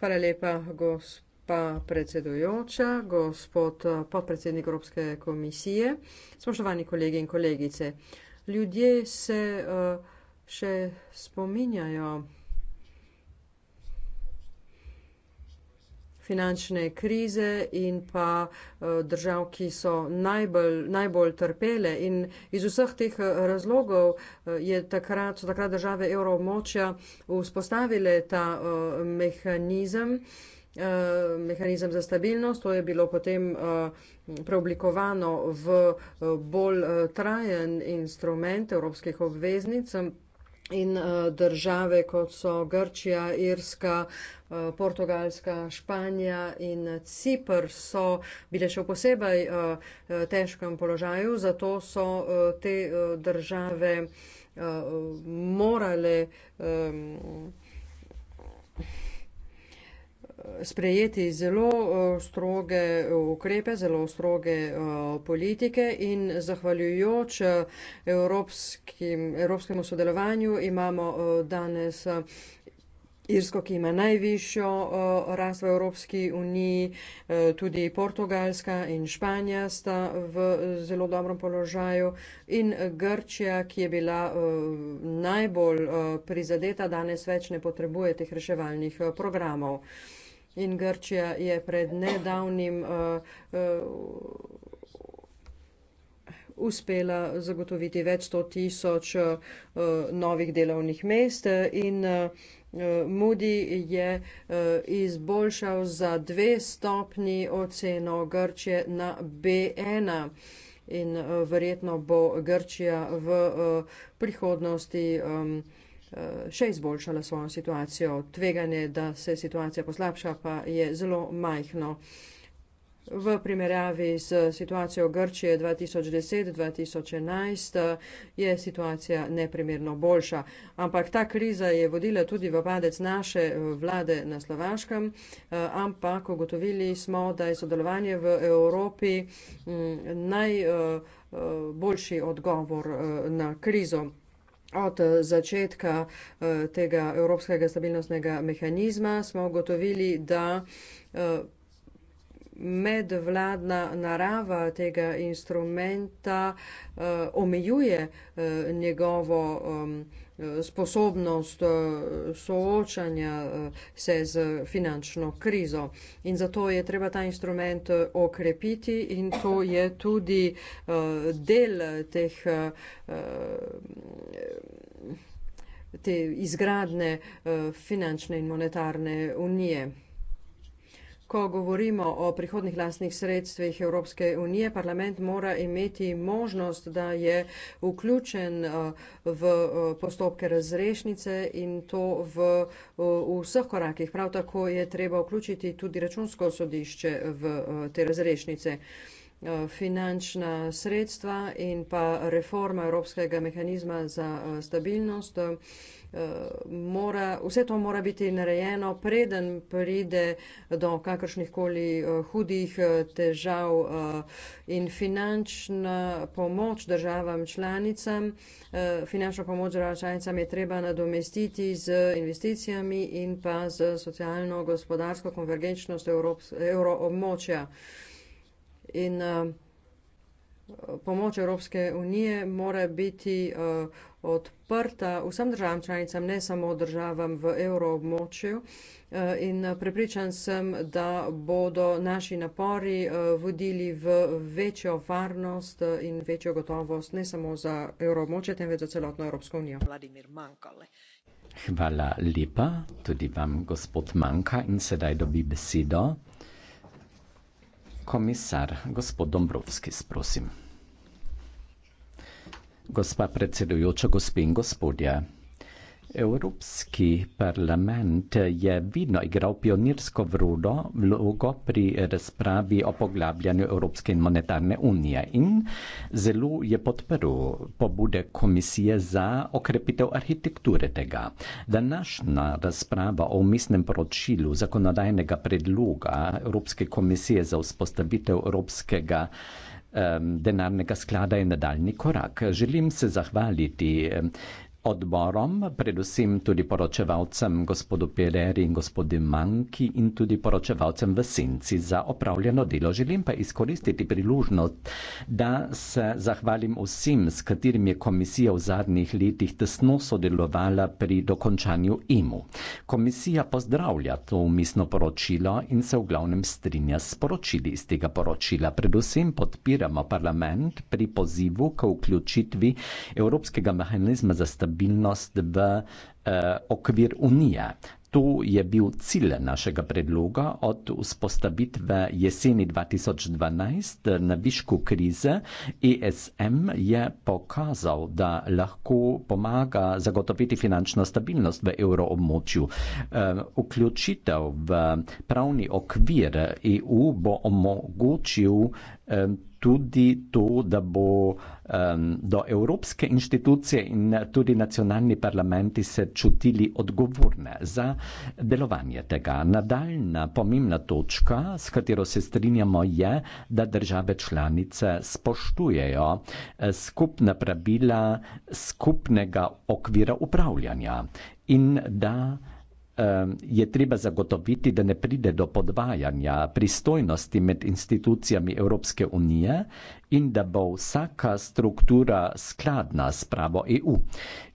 Hvala lepa, gospa predsedujoča, gospod eh, podpredsednik Evropske komisije, spoštovani kolegi in kolegice ljudje se uh, še spominjajo finančne krize in pa uh, držav, ki so najbolj, najbolj trpele. In iz vseh teh eh, razlogov uh, je takrat, so takrat države evroobmočja vzpostavile ta uh, mehanizem. Uh, Eh, mehanizem za stabilnost, to je bilo potem eh, preoblikovano v eh, bolj trajen instrument evropskih obveznic. In države, kot so Grčija, Irska, Portugalska, Španija in Cipr, so bile še v posebej težkem položaju, zato so te države morale sprejeti zelo eh, stroge eh, ukrepe, zelo stroge eh, politike in zahvaljujoč evropskim, evropskemu sodelovanju imamo danes Irsko, ki ima najvišjo rast v Evropski uniji, tudi Portugalska in Španija sta v zelo dobrem položaju in Grčija, ki je bila najbolj prizadeta, danes več ne potrebuje teh reševalnih programov in Grčija je pred nedavnim uh, uh, uspela zagotoviti več sto tisoč uh, novih delovnih mest in uh, Moody je izboljšal za dve stopni oceno Grčije na B1 in verjetno bo Grčija v prihodnosti um, Eh, še izboljšala svojo situacijo. Tveganje, da se situacija poslabša, pa je zelo majhno. V primerjavi z situacijo Grčije 2010-2011 eh, je situacija neprimerno boljša. Ampak ta kriza je vodila tudi v padec naše eh, vlade na Slovaškem, ampak ugotovili smo, da je sodelovanje v Evropi mm, najboljši odgovor na krizo. Od začetka eh, tega Evropskega stabilnostnega mehanizma smo ugotovili, da eh, medvladna narava tega instrumenta eh, omejuje njegovo um, sposobnost eh, soočanja eh, se z finančno krizo. In zato je treba ta instrument eh, okrepiti in to je tudi del teh te izgradne finančne in monetarne unije. Ko govorimo o prihodnih lastnih sredstvih Evropske unije, parlament mora imeti možnost, da je vključen eh, v eh, postopke razrešnice in to v eh, vseh korakih. Prav tako je treba vključiti tudi računsko sodišče v te razrešnice. Finančna sredstva in pa reforma Evropskega mehanizma za stabilnost mora, vse to mora biti narejeno, preden pride do kakršnih koli eh, hudih eh, težav eh, in finančna pomoč državam članicam, finančno pomoč državam članicam je treba nadomestiti z investicijami in pa z socialno-gospodarsko konvergenčnost evroobmočja. Evro in uh, pomoč Evropske unije mora biti uh, odprta vsem državam članicam, ne samo državam v evroobmočju. Uh, in eh, prepričan sem, da bodo naši napori uh, vodili v večjo varnost in večjo gotovost, ne samo za evroobmočje, temveč za celotno Evropsko unijo. Hvala lepa tudi vam, gospod Manka, in sedaj dobi besedo komisar, gospod Dombrovski, prosim. Gospa predsedujoča, gospe in gospodje. Evropski parlament je vidno igral pionirsko vrudo vlogo pri razpravi o poglabljanju Evropske in monetarne unije in zelo je podprl pobude komisije za okrepitev arhitekture tega. Današnja razprava o umestnem poročilu zakonodajnega predloga Evropske komisije za vzpostavitev Evropskega denarnega sklada je nadaljni korak. Želim se zahvaliti odborom, predvsem tudi poročevalcem gospodu Pereri in gospodu Manki in tudi poročevalcem v Senci za opravljeno delo. Želim pa izkoristiti priložnost, da se zahvalim vsem, s katerimi je komisija v zadnjih letih tesno sodelovala pri dokončanju EMU. Komisija pozdravlja to umisno poročilo in se v glavnem strinja s poročili iz tega poročila. Predvsem podpiramo parlament pri pozivu k vključitvi Evropskega mehanizma za stabilnost stabilnost v eh, okvir Unije. To je bil cilj našega predloga od vzpostavitve jeseni 2012 eh, na višku krize. ESM je pokazal, da lahko pomaga zagotoviti finančno stabilnost v euroobmočju. Eh, vključitev v pravni okvir EU bo omogočil eh, tudi to, da bo um, do evropske inštitucije in tudi nacionalni parlamenti se čutili odgovorne za delovanje tega. Nadaljna pomembna točka, s katero se strinjamo, je, da države članice spoštujejo eh, skupna pravila skupnega okvira upravljanja in da je treba zagotoviti, da ne pride do podvajanja pristojnosti med institucijami Evropske unije in da bo vsaka struktura skladna s pravo EU.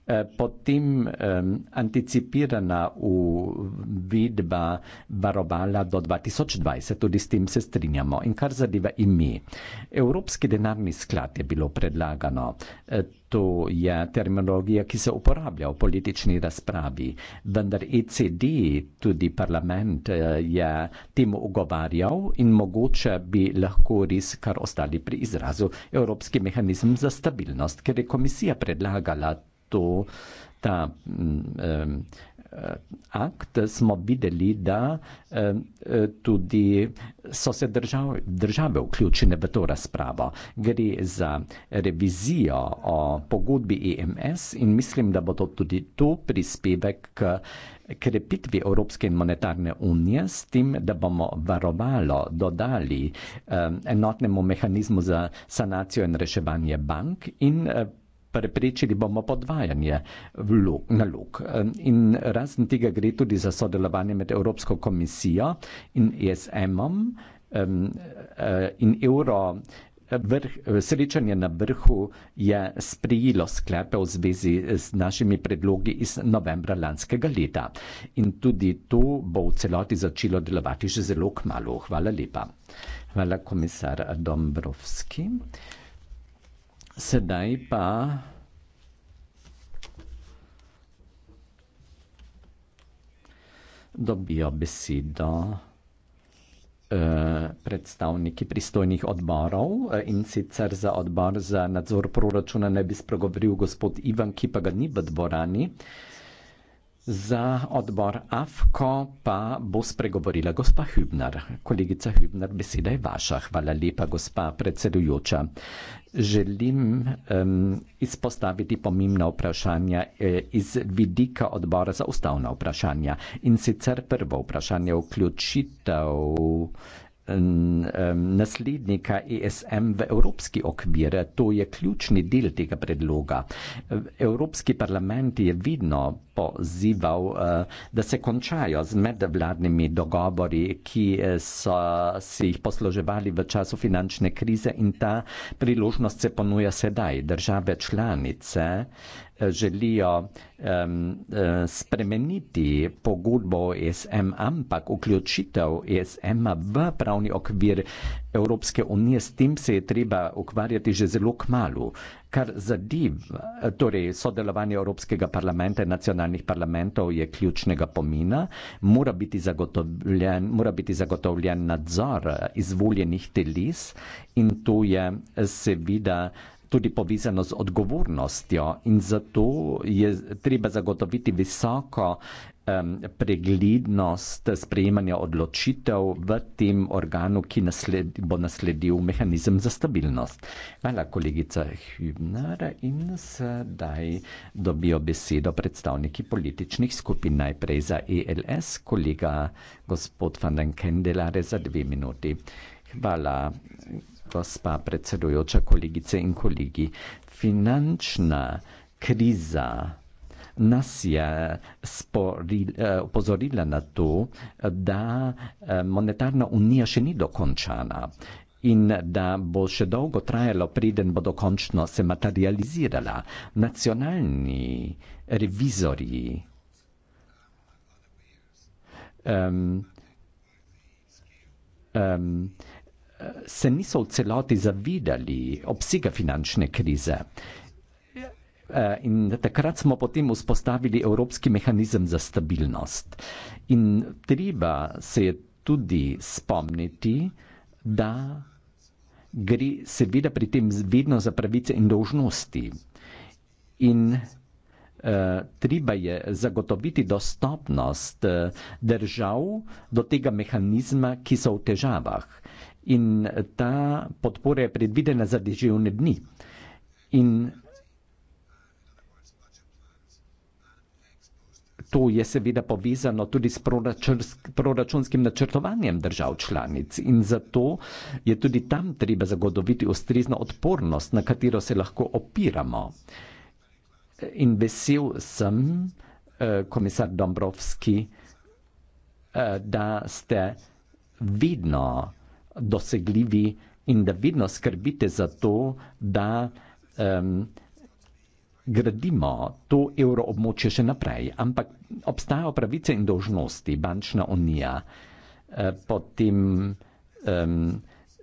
E, potem um, anticipirana uvidba varovala do 2020, tudi s tem se strinjamo. In kar zadeva ime, Evropski denarni sklad je bilo predlagano. E, To je terminologija, ki se uporablja v politični razpravi, vendar ECD, tudi parlament, eh, je temu ugovarjal in mogoče bi lahko res kar ostali pri izrazu Evropski mehanizem za stabilnost, ker je komisija predlagala to, ta. Um, um, Eh, akt smo videli, da eh, eh, tudi so se države, države vključene v to razpravo. Gre za revizijo o pogodbi EMS in mislim, da bo to tudi to prispevek k krepitvi Evropske in monetarne unije s tem, da bomo varovalo dodali enotnemu mehanizmu za sanacijo in reševanje bank in preprečili bomo podvajanje nalog. In razen tega gre tudi za sodelovanje med Evropsko komisijo in ESM-om eh, in Euro. Vrh, srečanje na vrhu je sprejelo sklepe v zvezi z našimi predlogi iz novembra lanskega leta. In tudi to bo v celoti začelo delovati že zelo k malu. Hvala lepa. Hvala, komisar Dombrovski. Sedaj pa dobijo besedo eh, predstavniki pristojnih odborov eh, in sicer za odbor za nadzor proračuna ne bi spregovoril gospod Ivan, ki pa ga ni v dvorani. Za odbor AFKO pa bo spregovorila gospa Hübner. Kolegica Hübner, beseda je vaša. Hvala lepa, gospa predsedujoča. Želim um, izpostaviti pomembna vprašanja eh, iz vidika odbora za ustavna vprašanja. In sicer prvo vprašanje vključitev naslednika ESM v evropski okvir. To je ključni del tega predloga. Evropski parlament je vidno pozival, eh, da se končajo z medvladnimi dogovori, ki eh, so se jih posloževali v času finančne krize in ta priložnost se ponuja sedaj. Države članice želijo um, spremeniti pogodbo ESM, ampak vključitev ESM-a v pravni okvir Evropske unije, s tem se je treba ukvarjati že zelo k malu. Kar zadev, torej sodelovanje Evropskega parlamenta in nacionalnih parlamentov je ključnega pomena, mora biti zagotovljen, mora biti zagotovljen nadzor izvoljenih teles in to je seveda tudi povezano z odgovornostjo in zato je treba zagotoviti visoko preglednost sprejemanja odločitev v tem organu, ki nasled, bo nasledil mehanizem za stabilnost. Hvala, kolegica Hübner in sedaj dobijo besedo predstavniki političnih skupin. Najprej za ELS, kolega gospod Van den Kendelare za dve minuti. Hvala gospa predsedujoča, kolegice in kolegi. Finančna kriza nas je sporil, eh, opozorila na to, da eh, monetarna unija še ni dokončana in da bo še dolgo trajalo, preden bo dokončno se materializirala. Nacionalni revizori um, um, se niso v celoti zavedali obsega finančne krize. Eh, in takrat smo potem vzpostavili Evropski mehanizem za stabilnost. In treba se je tudi spomniti, da gre seveda pri tem vedno za pravice in dožnosti. In eh, treba je zagotoviti dostopnost eh, držav do tega mehanizma, ki so v težavah in ta podpora je predvidena za deževne dni. In to je seveda povezano tudi s proračunskim načrtovanjem držav članic in zato je tudi tam treba zagotoviti ustrezno odpornost, na katero se lahko opiramo. In vesel sem, eh, komisar Dombrovski, eh, da ste vidno dosegljivi in da vedno skrbite za to, da um, gradimo to evroobmočje še naprej. Ampak obstajajo pravice in dožnosti, bančna unija, eh, potem um,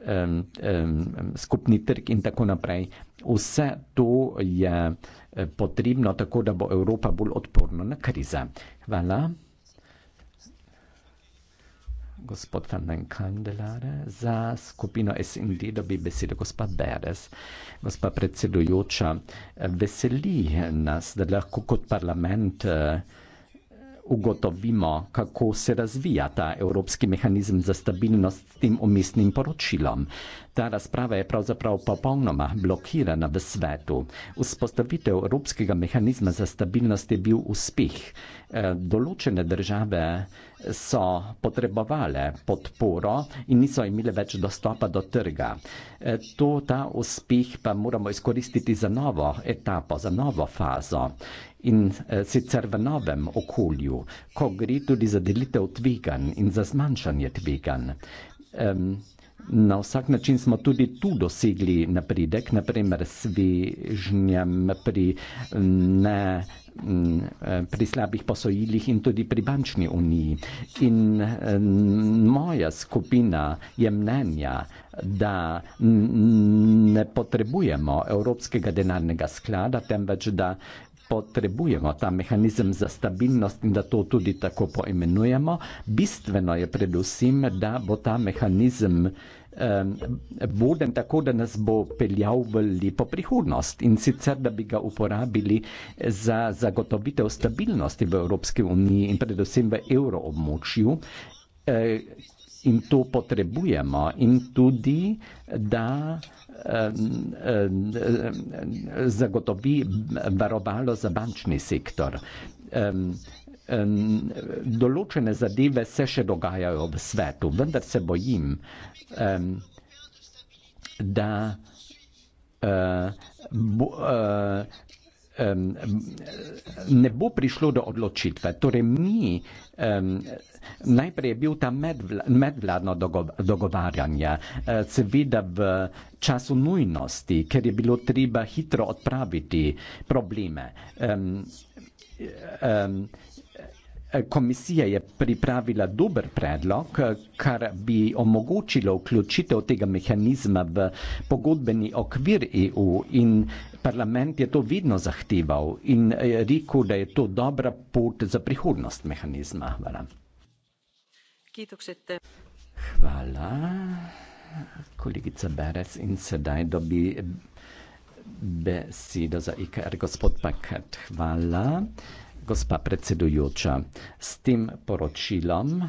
um, um, skupni trg in tako naprej. Vse to je eh, potrebno, tako da bo Evropa bolj odporna na krize. Hvala. Voilà gospod Fernand Kandelare, za skupino SND dobi besedo gospa Beres. Gospa predsedujoča, veseli nas, da lahko kot parlament eh, ugotovimo, kako se razvija ta evropski mehanizem za stabilnost s tem umestnim poročilom. Ta razprava je pravzaprav popolnoma blokirana v svetu. Vzpostavitev evropskega mehanizma za stabilnost je bil uspeh. E, določene države so potrebovale podporo in niso imele več dostopa do trga. E, to, ta uspeh pa moramo izkoristiti za novo etapo, za novo fazo in eh, sicer v novem okolju, ko gre tudi za delitev tveganj in za zmanjšanje tveganj. Um, na vsak način smo tudi tu dosegli napredek, naprimer s vežnjem pri, eh, pri slabih posojilih in tudi pri bančni uniji. In um, moja skupina je mnenja, da ne potrebujemo Evropskega denarnega sklada, temveč da. Um, potrebujemo ta mehanizem za stabilnost in da to tudi tako poimenujemo. Bistveno je predvsem, da bo ta mehanizem eh, voden tako, da nas bo peljal v lepo prihodnost in sicer, da bi ga uporabili za zagotovitev stabilnosti v Evropski uniji in predvsem v evroobmočju. Eh, in to potrebujemo in tudi, da eh, eh, zagotovi varovalo za bančni sektor. Določene zadeve se še dogajajo v svetu, vendar se bojim, da eh, ne bo prišlo do odločitve. Torej mi, najprej je bil ta medvla, medvladno dogovarjanje, e, seveda v času nujnosti, ker je bilo treba hitro odpraviti probleme. Eh, komisija je pripravila dober predlog, eh, kar bi omogočilo vključitev tega mehanizma v pogodbeni okvir EU in parlament je to vedno zahteval in eh, rekel, da je to dobra pot za prihodnost mehanizma. Hvala. Hvala. Kolegica Beres in sedaj dobi besedo za IKR e gospod Paket. Hvala gospa predsedujoča. S tem poročilom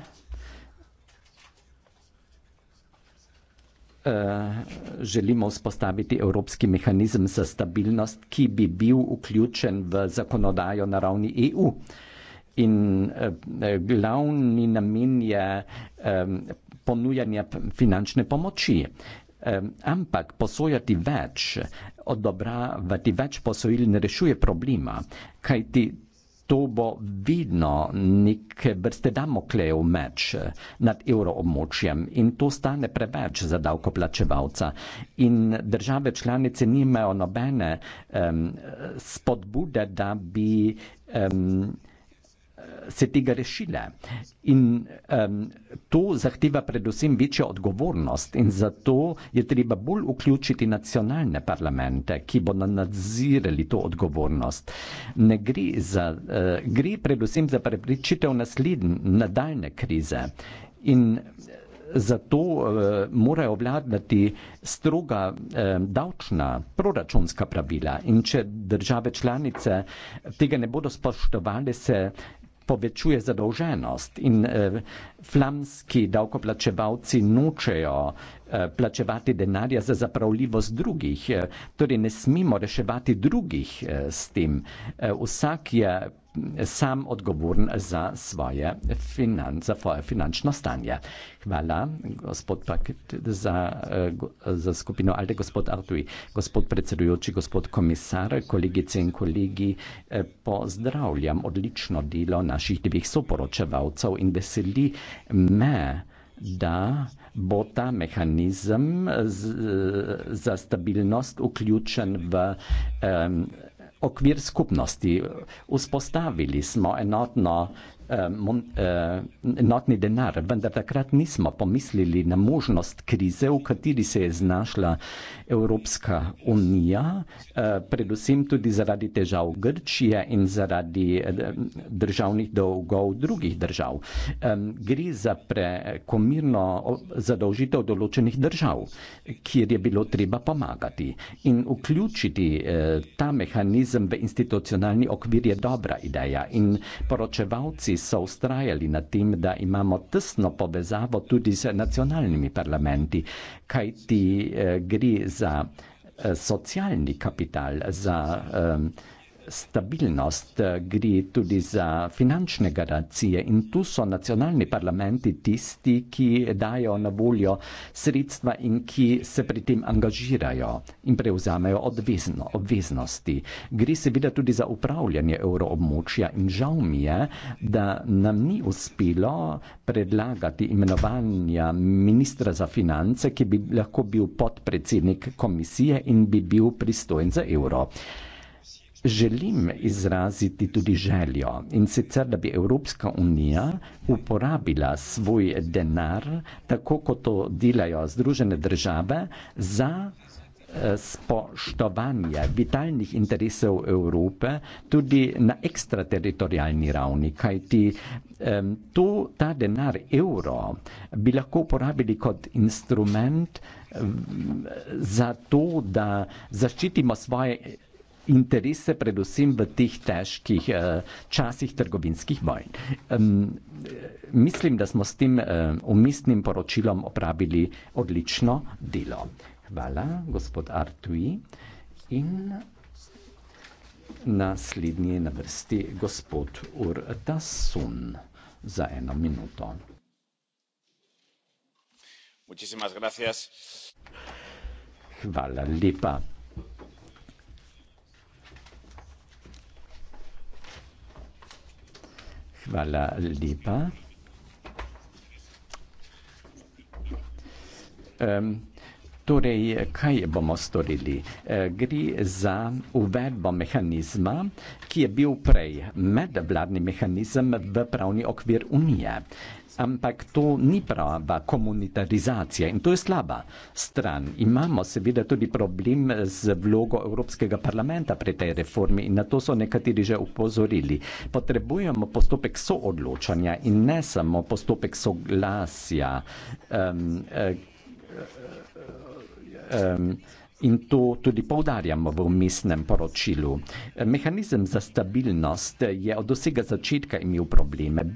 eh, želimo vzpostaviti evropski mehanizem za stabilnost, ki bi bil vključen v zakonodajo na ravni EU. In eh, glavni namen je eh, ponujanje finančne pomoči. Ampak posojati več, odobravati več posojil ne rešuje problema, kajti to bo vidno neke vrste damoklejev meč eh, nad evroobmočjem in to stane preveč za davkoplačevalca. In države članice nimajo nobene um, spodbude, da bi um, se tega rešile. In um, to zahteva predvsem večjo odgovornost in zato je treba bolj vključiti nacionalne parlamente, ki bodo nadzirali to odgovornost. Ne gre za, uh, gre predvsem za prepričitev naslednje, nadaljne krize. In eh, zato uh, morajo vladati stroga uh, davčna, proračunska pravila. In če države članice tega ne bodo spoštovali, se uh, povečuje zadolženost in eh, flamski davkoplačevalci nočejo eh, plačevati denarja za zapravljivost drugih. Eh, torej ne smemo reševati drugih eh, s tem. Eh, vsak je sam odgovoren za svoje financ, za finančno stanje. Hvala, gospod Paket, za, eh, za skupino Alde, gospod Artui, gospod predsedujoči, gospod komisar, kolegice in kolegi, eh, pozdravljam odlično delo naših dveh soporočevalcev in veseli me, da bo ta mehanizem z, za stabilnost vključen v um, okvir skupnosti. Vzpostavili smo enotno Eh, mon, uh, notni denar, vendar takrat nismo pomislili na možnost krize, v kateri se je znašla Evropska unija, uh, predvsem tudi zaradi težav Grčije in zaradi uh, državnih dolgov drugih držav. Um, gre za prekomirno zadolžitev določenih držav, kjer je bilo treba pomagati in vključiti uh, ta mehanizem v institucionalni okvir je dobra ideja in poročevalci so ustrajali na tem, da imamo tesno povezavo tudi z nacionalnimi parlamenti, kaj ti eh, gre za eh, socialni kapital, za eh, stabilnost, eh, gre tudi za finančne garancije in tu so nacionalni parlamenti tisti, ki dajo na voljo sredstva in ki se pri tem angažirajo in prevzamejo odvezno, obveznosti. Gre seveda tudi za upravljanje evroobmočja in žal mi je, da nam ni uspelo predlagati imenovanja ministra za finance, ki bi lahko bil podpredsednik komisije in bi bil pristojen za evro. Želim izraziti tudi željo in sicer, da bi Evropska unija uporabila svoj denar, tako kot to delajo Združene države, za eh, spoštovanje vitalnih interesov Evrope tudi na ekstrateritorijalni ravni, kajti to, ta denar evro bi lahko uporabili kot instrument za to, da zaščitimo svoje interese, predvsem v teh težkih uh, časih trgovinskih vojn. Um, mislim, da smo s tem uh, umestnim poročilom opravili odlično delo. Hvala, gospod Artui. In naslednji je na vrsti gospod Urtasun za eno minuto. Muchísimas gracias. Hvala lepa. Hvala lepa. Um, torej, kaj bomo storili? E, gre za uvedbo mehanizma, ki je bil prej medvladni mehanizem v pravni okvir Unije ampak to ni prava komunitarizacija in to je slaba stran. Imamo seveda tudi problem z vlogo Evropskega parlamenta pri tej reformi in na to so nekateri že upozorili. Potrebujemo postopek soodločanja in ne samo postopek soglasja. Um, um, In to tudi povdarjamo v umestnem poročilu. Mehanizem za stabilnost je od vsega začetka imel probleme.